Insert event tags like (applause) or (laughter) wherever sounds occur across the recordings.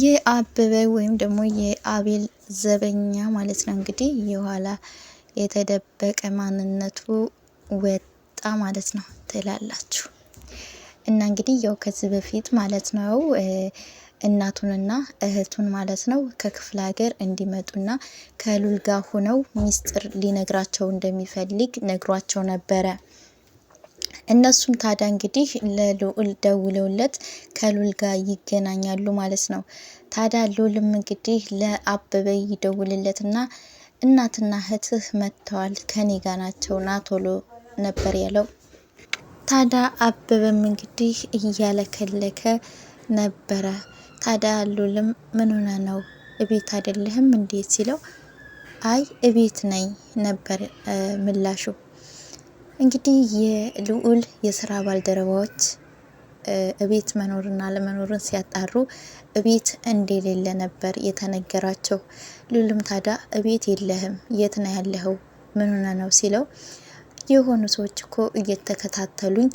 የአበበ ወይም ደግሞ የአቤል ዘበኛ ማለት ነው እንግዲህ የኋላ የተደበቀ ማንነቱ ወጣ ማለት ነው ትላላችሁ። እና እንግዲህ ያው ከዚህ በፊት ማለት ነው እናቱንና እህቱን ማለት ነው ከክፍለ ሀገር እንዲመጡና ከሉል ጋር ሆነው ሚስጥር ሊነግራቸው እንደሚፈልግ ነግሯቸው ነበረ። እነሱም ታዲያ እንግዲህ ለልዑል ደውለውለት ከልዑል ጋር ይገናኛሉ ማለት ነው። ታዲያ ልዑልም እንግዲህ ለአበበ ይደውልለትና እናትና እህትህ መጥተዋል ከኔ ጋ ናቸው ና ቶሎ ነበር ያለው። ታዲያ አበበም እንግዲህ እያለከለከ ነበረ። ታዲያ ሉልም ምን ሆነ ነው እቤት አይደለህም እንዴት ሲለው አይ እቤት ነኝ ነበር ምላሹ። እንግዲህ የልዑል የስራ ባልደረባዎች እቤት መኖርና ለመኖርን ሲያጣሩ እቤት እንደሌለ ነበር የተነገራቸው። ልዑልም ታዲያ እቤት የለህም፣ የት ነው ያለኸው? ምን ሆነ ነው ሲለው የሆኑ ሰዎች እኮ እየተከታተሉኝ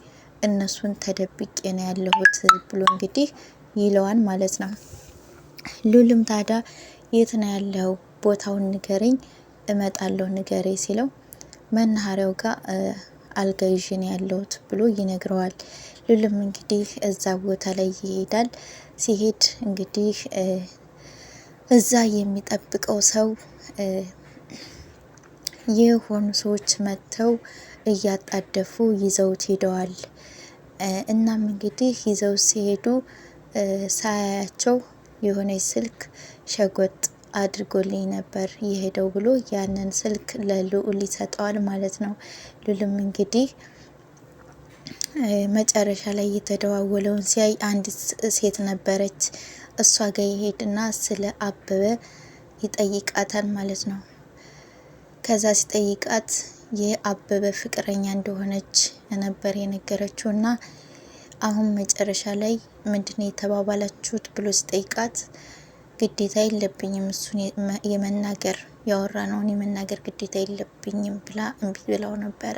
እነሱን ተደብቄ ነው ያለሁት ብሎ እንግዲህ ይለዋል ማለት ነው። ልዑልም ታዲያ የት ነው ያለው? ቦታውን ንገረኝ፣ እመጣለሁ፣ ንገሬ ሲለው መናኸሪያው ጋር አልጋ ይዤ ነው ያለሁት ብሎ ይነግረዋል። ሉልም እንግዲህ እዛ ቦታ ላይ ይሄዳል። ሲሄድ እንግዲህ እዛ የሚጠብቀው ሰው የሆኑ ሰዎች መጥተው እያጣደፉ ይዘውት ሄደዋል። እናም እንግዲህ ይዘውት ሲሄዱ ሳያያቸው የሆነች ስልክ ሸጎጥ አድርጎልኝ ነበር የሄደው ብሎ ያንን ስልክ ለልዑል ይሰጠዋል ማለት ነው። ሉልም እንግዲህ መጨረሻ ላይ የተደዋወለውን ሲያይ አንዲት ሴት ነበረች። እሷ ጋር ይሄድና ስለ አበበ ይጠይቃታል ማለት ነው። ከዛ ሲጠይቃት የአበበ ፍቅረኛ እንደሆነች ነበር የነገረችው እና አሁን መጨረሻ ላይ ምንድን ነው የተባባላችሁት ብሎ ሲጠይቃት ግዴታ የለብኝም እሱን የመናገር ያወራ ነውን የመናገር ግዴታ የለብኝም ብላ እምቢ ብለው ነበረ።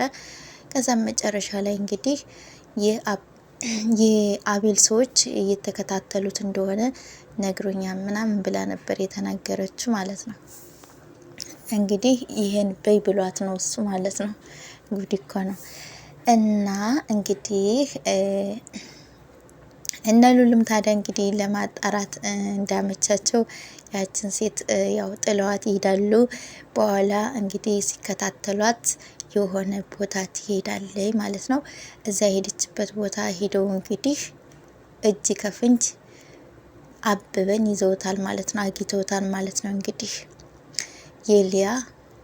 ከዛም መጨረሻ ላይ እንግዲህ (clears throat) የአቤል ሰዎች እየተከታተሉት እንደሆነ ነግሮኛ ምናምን ብላ ነበር የተናገረችው ማለት ነው። እንግዲህ ይህን በይ ብሏት ነው እሱ ማለት ነው። ጉድ እኮ ነው እና እንግዲህ እነ ሉልም ታዲያ እንግዲህ ለማጣራት እንዳመቻቸው ያችን ሴት ያው ጥለዋት ይሄዳሉ። በኋላ እንግዲህ ሲከታተሏት የሆነ ቦታ ትሄዳለች ማለት ነው። እዛ የሄደችበት ቦታ ሄደው እንግዲህ እጅ ከፍንጅ አብበን ይዘውታል ማለት ነው፣ አግኝተውታል ማለት ነው። እንግዲህ የሊያ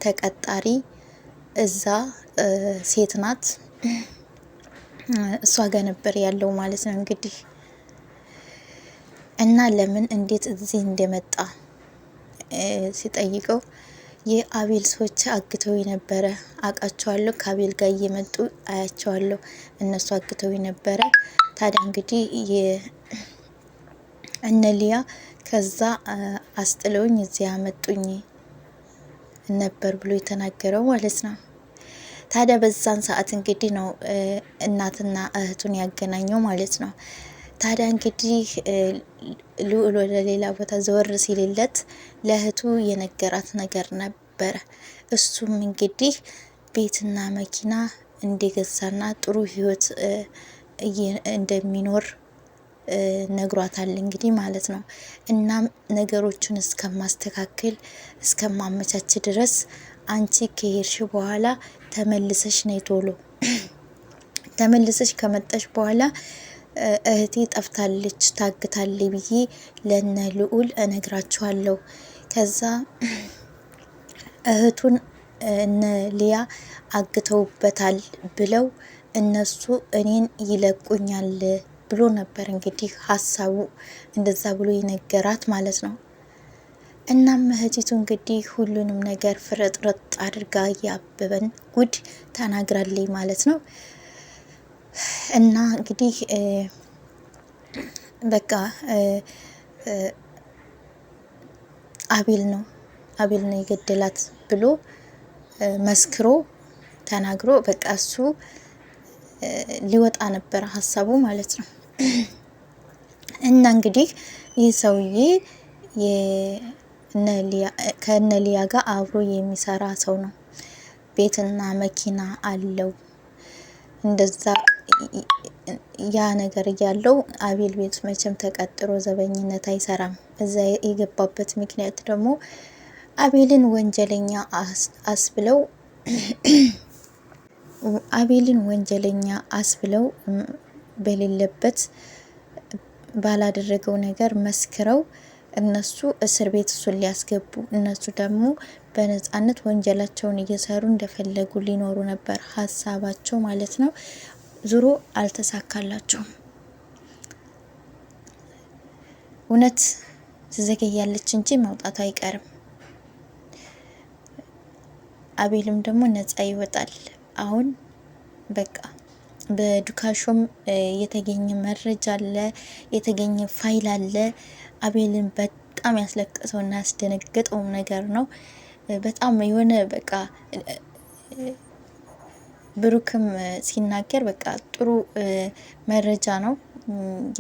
ተቀጣሪ እዛ ሴት ናት፣ እሷ ጋር ነበር ያለው ማለት ነው እንግዲህ እና ለምን እንዴት እዚህ እንደመጣ ሲጠይቀው የአቤል ሰዎች አግተው ነበረ አውቃቸዋለሁ። ከአቤል ጋር እየመጡ አያቸዋለሁ። እነሱ አግተው ነበረ። ታዲያ እንግዲህ እነሊያ ከዛ አስጥለውኝ እዚያ አመጡኝ ነበር ብሎ የተናገረው ማለት ነው። ታዲያ በዛን ሰዓት እንግዲህ ነው እናትና እህቱን ያገናኘው ማለት ነው። ታዲያ እንግዲህ ልዑል ወደ ሌላ ቦታ ዘወር ሲልለት ለእህቱ የነገራት ነገር ነበረ። እሱም እንግዲህ ቤትና መኪና እንደገዛና ጥሩ ህይወት እንደሚኖር ነግሯታል እንግዲህ ማለት ነው። እናም ነገሮቹን እስከማስተካከል እስከማመቻች ድረስ አንቺ ከሄድሽ በኋላ ተመልሰሽ ነይ ቶሎ ተመልሰሽ ከመጣሽ በኋላ እህቴ ጠፍታለች ታግታለች ብዬ ለነ ልዑል እነግራችኋለሁ። ከዛ እህቱን እነ ሊያ አግተውበታል ብለው እነሱ እኔን ይለቁኛል ብሎ ነበር እንግዲህ ሀሳቡ እንደዛ ብሎ የነገራት ማለት ነው። እናም እህቲቱ እንግዲህ ሁሉንም ነገር ፍርጥርጥ አድርጋ ያበበን ጉድ ተናግራለች ማለት ነው። እና እንግዲህ በቃ አቤል ነው አቤል ነው የገደላት ብሎ መስክሮ ተናግሮ በቃ እሱ ሊወጣ ነበረ ሀሳቡ ማለት ነው። እና እንግዲህ ይህ ሰውዬ ከነሊያ ጋር አብሮ የሚሰራ ሰው ነው። ቤትና መኪና አለው እንደዛ ያ ነገር እያለው አቤል ቤት መቼም ተቀጥሮ ዘበኝነት አይሰራም። እዛ የገባበት ምክንያት ደግሞ አቤልን ወንጀለኛ አስብለው (clears throat) አቤልን ወንጀለኛ አስብለው በሌለበት ባላደረገው ነገር መስክረው እነሱ እስር ቤት እሱን ሊያስገቡ እነሱ ደግሞ በነጻነት ወንጀላቸውን እየሰሩ እንደፈለጉ ሊኖሩ ነበር ሀሳባቸው ማለት ነው። ዙሮ አልተሳካላቸውም። እውነት ትዘገያለች እንጂ መውጣቱ አይቀርም። አቤልም ደግሞ ነጻ ይወጣል። አሁን በቃ በዱካሾም የተገኘ መረጃ አለ፣ የተገኘ ፋይል አለ። አቤልን በጣም ያስለቀሰውና ያስደነገጠው ነገር ነው። በጣም የሆነ በቃ ብሩክም ሲናገር በቃ ጥሩ መረጃ ነው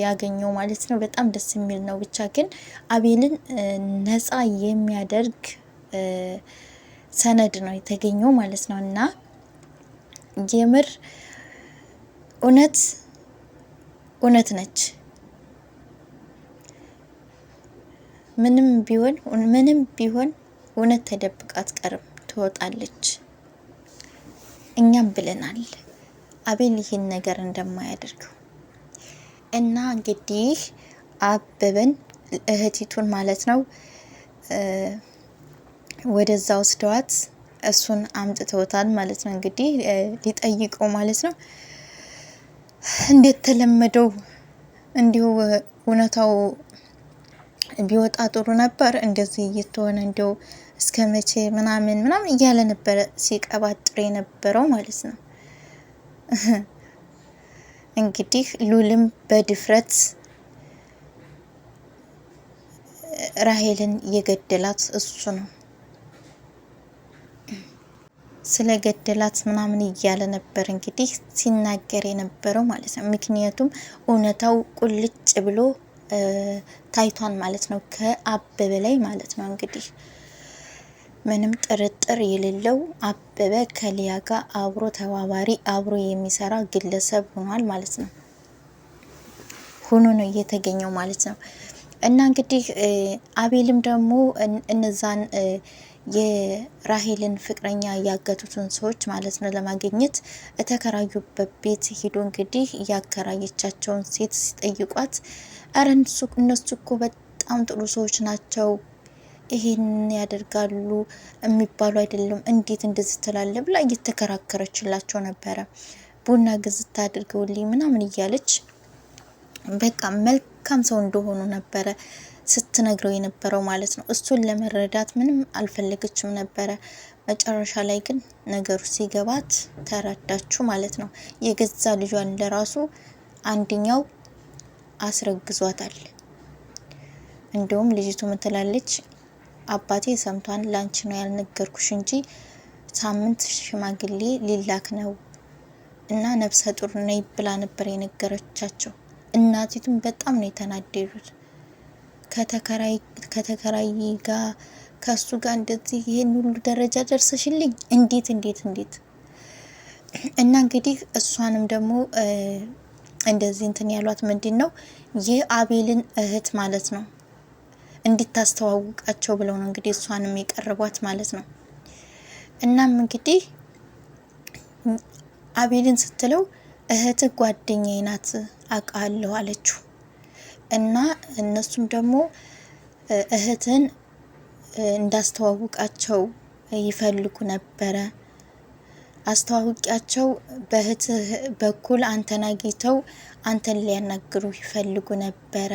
ያገኘው ማለት ነው። በጣም ደስ የሚል ነው። ብቻ ግን አቤልን ነፃ የሚያደርግ ሰነድ ነው የተገኘው ማለት ነው እና የምር እውነት እውነት ነች። ምንም ቢሆን ምንም ቢሆን እውነት ተደብቃ አትቀርም፣ ትወጣለች። እኛም ብለናል አቤል ይህን ነገር እንደማያደርገው እና እንግዲህ አበበን እህቲቱን ማለት ነው ወደዛ ወስደዋት እሱን አምጥተውታል ማለት ነው። እንግዲህ ሊጠይቀው ማለት ነው እንዴት ተለመደው እንዲሁ እውነታው ቢወጣ ጥሩ ነበር። እንደዚህ እየተሆነ እንዲሁ እስከ መቼ ምናምን ምናምን እያለ ነበረ ሲቀባጥር የነበረው ማለት ነው። (laughs) እንግዲህ ሉልም በድፍረት ራሄልን የገደላት እሱ ነው። ስለ ገደላት ምናምን እያለ ነበር እንግዲህ ሲናገር የነበረው ማለት ነው። ምክንያቱም እውነታው ቁልጭ ብሎ ታይቷን ማለት ነው፣ ከአበበ ላይ ማለት ነው እንግዲህ ምንም ጥርጥር የሌለው አበበ ከሊያ ጋር አብሮ ተባባሪ አብሮ የሚሰራ ግለሰብ ሆኗል ማለት ነው። ሆኖ ነው እየተገኘው ማለት ነው። እና እንግዲህ አቤልም ደግሞ እነዛን የራሄልን ፍቅረኛ ያገቱትን ሰዎች ማለት ነው ለማግኘት እተከራዩበት ቤት ሄዶ እንግዲህ እያከራየቻቸውን ሴት ሲጠይቋት፣ እረ እነሱ እኮ በጣም ጥሩ ሰዎች ናቸው ይሄን ያደርጋሉ የሚባሉ አይደለም፣ እንዴት እንደዚህ ትላለ ብላ እየተከራከረችላቸው ነበረ። ቡና ግዝት አድርገውልኝ ምናምን እያለች በቃ መልካም ሰው እንደሆኑ ነበረ ስትነግረው የነበረው ማለት ነው። እሱን ለመረዳት ምንም አልፈለገችም ነበረ። መጨረሻ ላይ ግን ነገሩ ሲገባት ተረዳችሁ ማለት ነው። የገዛ ልጇን ለራሱ አንድኛው አስረግዟታል። እንዲሁም ልጅቱ ምትላለች አባቴ ሰምቷን ላንቺ ነው ያልነገርኩሽ እንጂ ሳምንት ሽማግሌ ሊላክ ነው እና ነብሰ ጡር ነይ ብላ ነበር የነገረቻቸው። እናቲቱም በጣም ነው የተናደዱት። ከተከራይ ጋር ከሱ ጋር እንደዚህ ይህን ሁሉ ደረጃ ደርሰሽልኝ እንዴት እንዴት እንዴት! እና እንግዲህ እሷንም ደግሞ እንደዚህ እንትን ያሏት ምንድን ነው የአቤልን እህት ማለት ነው እንዲታስተዋውቃቸው ብለው ነው እንግዲህ እሷንም የቀረቧት ማለት ነው። እናም እንግዲህ አቤልን ስትለው እህት ጓደኛዬ ናት አውቃለሁ አለችው እና እነሱም ደግሞ እህትን እንዳስተዋውቃቸው ይፈልጉ ነበረ አስተዋውቂያቸው በእህትህ በኩል አንተን አግኝተው አንተን ሊያናግሩ ይፈልጉ ነበረ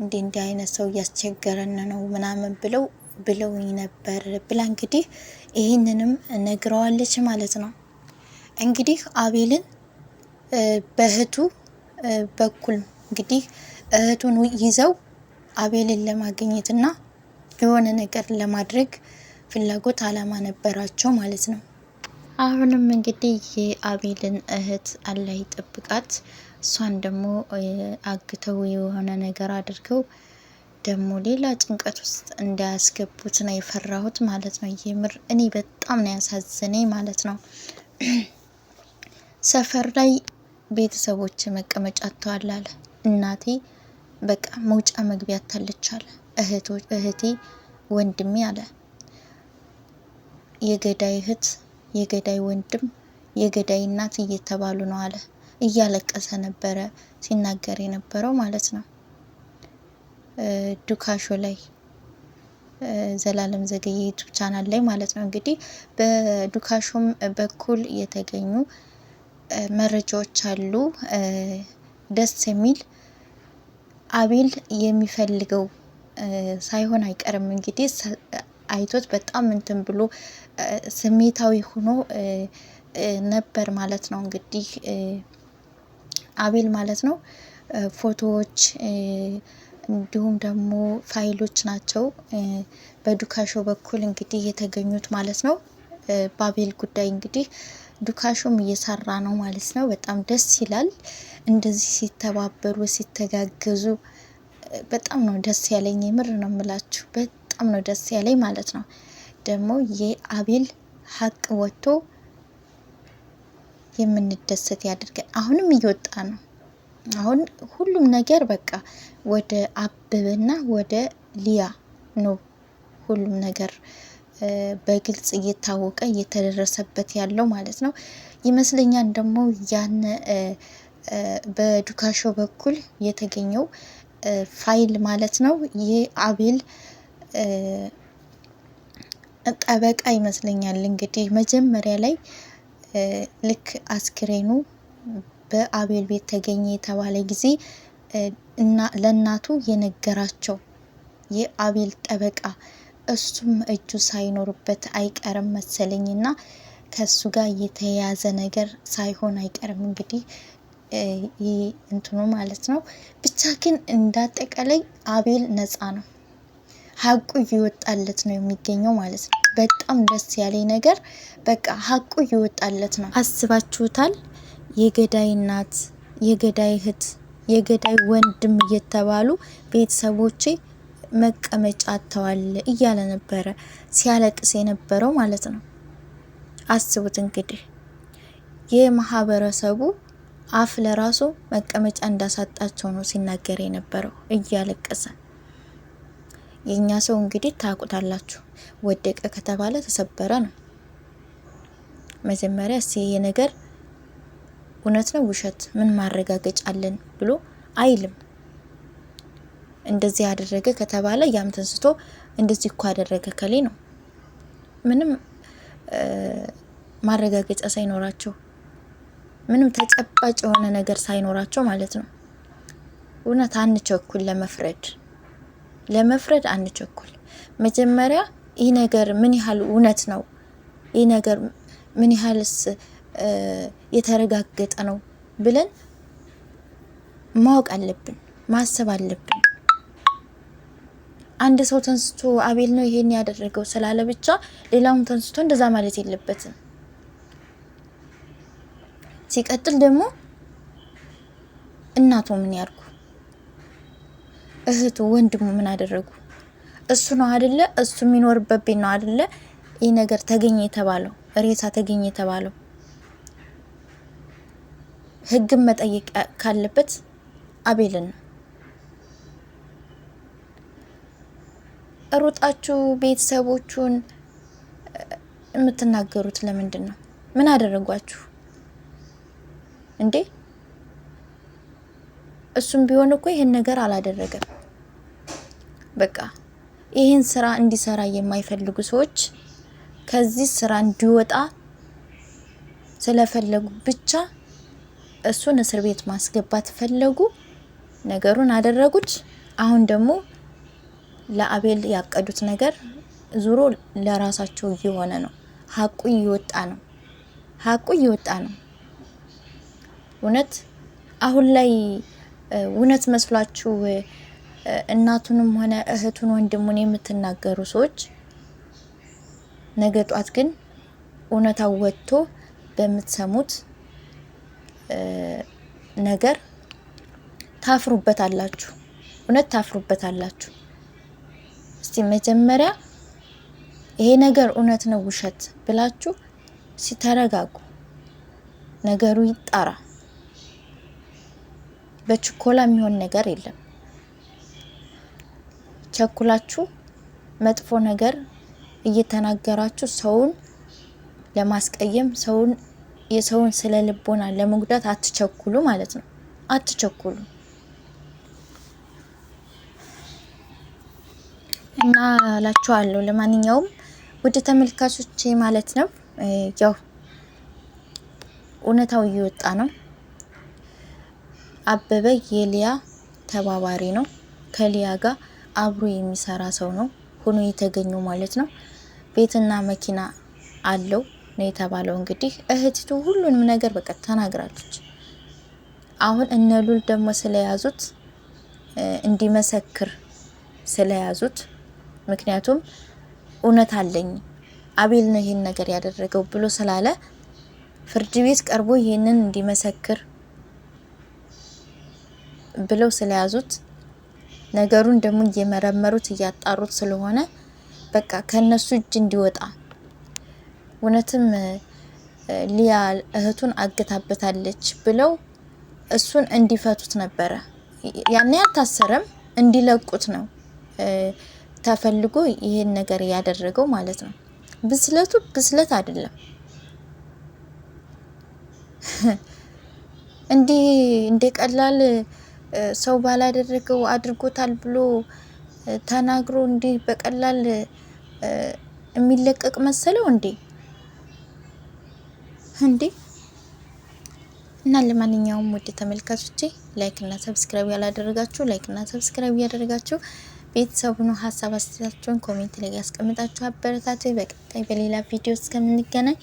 እንዲ እንዲ አይነት ሰው እያስቸገረን ነው ምናምን ብለው ብለውኝ ነበር ብላ እንግዲህ ይህንንም ነግረዋለች ማለት ነው። እንግዲህ አቤልን በእህቱ በኩል እንግዲህ እህቱን ይዘው አቤልን ለማግኘትና የሆነ ነገር ለማድረግ ፍላጎት አላማ ነበራቸው ማለት ነው። አሁንም እንግዲህ የአቤልን እህት አላህ ይጠብቃት። እሷን ደግሞ አግተው የሆነ ነገር አድርገው ደግሞ ሌላ ጭንቀት ውስጥ እንዳያስገቡት ነው የፈራሁት ማለት ነው። የምር እኔ በጣም ነው ያሳዝነኝ ማለት ነው። ሰፈር ላይ ቤተሰቦች መቀመጫ አጥተዋል አለ እናቴ፣ በቃ መውጫ መግቢያ አታለች አለ እህቴ፣ ወንድሜ አለ የገዳይ እህት፣ የገዳይ ወንድም፣ የገዳይ እናት እየተባሉ ነው አለ እያለቀሰ ነበረ ሲናገር የነበረው ማለት ነው። ዱካሾ ላይ ዘላለም ዘገየ ዩቱብ ቻናል ላይ ማለት ነው። እንግዲህ በዱካሾም በኩል የተገኙ መረጃዎች አሉ። ደስ የሚል አቤል የሚፈልገው ሳይሆን አይቀርም እንግዲህ አይቶት በጣም እንትን ብሎ ስሜታዊ ሆኖ ነበር ማለት ነው እንግዲህ አቤል ማለት ነው። ፎቶዎች እንዲሁም ደግሞ ፋይሎች ናቸው በዱካሾ በኩል እንግዲህ የተገኙት ማለት ነው። በአቤል ጉዳይ እንግዲህ ዱካሾም እየሰራ ነው ማለት ነው። በጣም ደስ ይላል። እንደዚህ ሲተባበሩ ሲተጋገዙ በጣም ነው ደስ ያለኝ። የምር ነው የምላችሁ። በጣም ነው ደስ ያለኝ ማለት ነው። ደግሞ የአቤል ሀቅ ወጥቶ የምንደሰት ያድርገን። አሁንም እየወጣ ነው። አሁን ሁሉም ነገር በቃ ወደ አበበና ወደ ሊያ ነው ሁሉም ነገር በግልጽ እየታወቀ እየተደረሰበት ያለው ማለት ነው። ይመስለኛል ደግሞ ያን በዱካሾ በኩል የተገኘው ፋይል ማለት ነው ይህ አቤል ጠበቃ ይመስለኛል እንግዲህ መጀመሪያ ላይ ልክ አስክሬኑ በአቤል ቤት ተገኘ የተባለ ጊዜ ለእናቱ የነገራቸው የአቤል ጠበቃ እሱም እጁ ሳይኖርበት አይቀርም መሰለኝ እና ከእሱ ጋር የተያያዘ ነገር ሳይሆን አይቀርም እንግዲህ እንትኑ ማለት ነው። ብቻ ግን እንዳጠቃላይ አቤል ነፃ ነው። ሀቁ እየወጣለት ነው የሚገኘው ማለት ነው። በጣም ደስ ያለኝ ነገር በቃ ሀቁ እየወጣለት ነው። አስባችሁታል? የገዳይ እናት፣ የገዳይ እህት፣ የገዳይ ወንድም እየተባሉ ቤተሰቦቼ መቀመጫ አጥተዋል እያለ ነበረ ሲያለቅስ የነበረው ማለት ነው። አስቡት እንግዲህ የማህበረሰቡ አፍ ለራሱ መቀመጫ እንዳሳጣቸው ነው ሲናገር የነበረው እያለቀሰ የእኛ ሰው እንግዲህ ታውቁታላችሁ፣ ወደቀ ከተባለ ተሰበረ ነው። መጀመሪያ እስኪ ይሄ ነገር እውነት ነው ውሸት፣ ምን ማረጋገጫ አለን ብሎ አይልም። እንደዚህ ያደረገ ከተባለ ያም ተንስቶ እንደዚህ እኮ ያደረገ ከሌ ነው። ምንም ማረጋገጫ ሳይኖራቸው ምንም ተጨባጭ የሆነ ነገር ሳይኖራቸው ማለት ነው። እውነት አንቸኩል ለመፍረድ ለመፍረድ አንቸኩል። መጀመሪያ ይህ ነገር ምን ያህል እውነት ነው፣ ይህ ነገር ምን ያህልስ የተረጋገጠ ነው ብለን ማወቅ አለብን፣ ማሰብ አለብን። አንድ ሰው ተንስቶ አቤል ነው ይሄን ያደረገው ስላለ ብቻ ሌላውም ተንስቶ እንደዛ ማለት የለበትም። ሲቀጥል ደግሞ እናቱ ምን ያርጉ እህቱ፣ ወንድሙ ምን አደረጉ? እሱ ነው አደለ? እሱ የሚኖርበት ቤት ነው አደለ? ይህ ነገር ተገኘ የተባለው ሬሳ ተገኘ የተባለው ህግን መጠየቅ ካለበት አቤልን ነው። ሩጣችሁ ቤተሰቦቹን የምትናገሩት ለምንድን ነው? ምን አደረጓችሁ እንዴ? እሱም ቢሆን እኮ ይህን ነገር አላደረገም። በቃ ይህን ስራ እንዲሰራ የማይፈልጉ ሰዎች ከዚህ ስራ እንዲወጣ ስለፈለጉ ብቻ እሱን እስር ቤት ማስገባት ፈለጉ። ነገሩን አደረጉት። አሁን ደግሞ ለአቤል ያቀዱት ነገር ዙሮ ለራሳቸው እየሆነ ነው። ሀቁ እየወጣ ነው። ሀቁ እየወጣ ነው። እውነት አሁን ላይ እውነት መስሏችሁ እናቱንም ሆነ እህቱን ወንድሙን የምትናገሩ ሰዎች ነገ ጧት ግን እውነታው ወጥቶ በምትሰሙት ነገር ታፍሩበታላችሁ እውነት ታፍሩበታላችሁ። እስቲ መጀመሪያ ይሄ ነገር እውነት ነው ውሸት ብላችሁ ሲተረጋጉ ነገሩ ይጣራ። በችኮላ የሚሆን ነገር የለም። ቸኩላችሁ መጥፎ ነገር እየተናገራችሁ ሰውን ለማስቀየም ሰውን የሰውን ስለ ልቦና ለመጉዳት አትቸኩሉ ማለት ነው። አትቸኩሉ እና ላችኋለሁ። ለማንኛውም ወደ ተመልካቾች ማለት ነው ያው እውነታው እየወጣ ነው። አበበ የሊያ ተባባሪ ነው ከሊያ ጋር አብሮ የሚሰራ ሰው ነው ሆኖ የተገኘው ማለት ነው። ቤትና መኪና አለው ነው የተባለው። እንግዲህ እህቲቱ ሁሉንም ነገር በቃ ተናግራለች። አሁን እነ ሉል ደግሞ ስለያዙት እንዲመሰክር ስለያዙት፣ ምክንያቱም እውነት አለኝ አቤል ነው ይህን ነገር ያደረገው ብሎ ስላለ ፍርድ ቤት ቀርቦ ይህንን እንዲመሰክር ብለው ስለያዙት ነገሩን ደግሞ እየመረመሩት እያጣሩት ስለሆነ በቃ ከነሱ እጅ እንዲወጣ እውነትም ሊያ እህቱን አግታበታለች ብለው እሱን እንዲፈቱት ነበረ። ያኔ አልታሰረም፣ እንዲለቁት ነው ተፈልጎ ይሄን ነገር ያደረገው ማለት ነው። ብስለቱ ብስለት አይደለም። እንዲህ እንደ ቀላል ሰው ባላደረገው አድርጎታል ብሎ ተናግሮ እንዲህ በቀላል የሚለቀቅ መሰለው እንዴ እንዴ? እና ለማንኛውም ውድ ተመልካቾቼ ላይክ እና ሰብስክራይብ ያላደረጋችሁ ላይክ እና ሰብስክራይብ ያደረጋችሁ ቤተሰቡ ነው። ሀሳብ አስተያየታችሁን ኮሜንት ላይ ያስቀምጣችሁ አበረታቱ። በቀጣይ በሌላ ቪዲዮ እስከምንገናኝ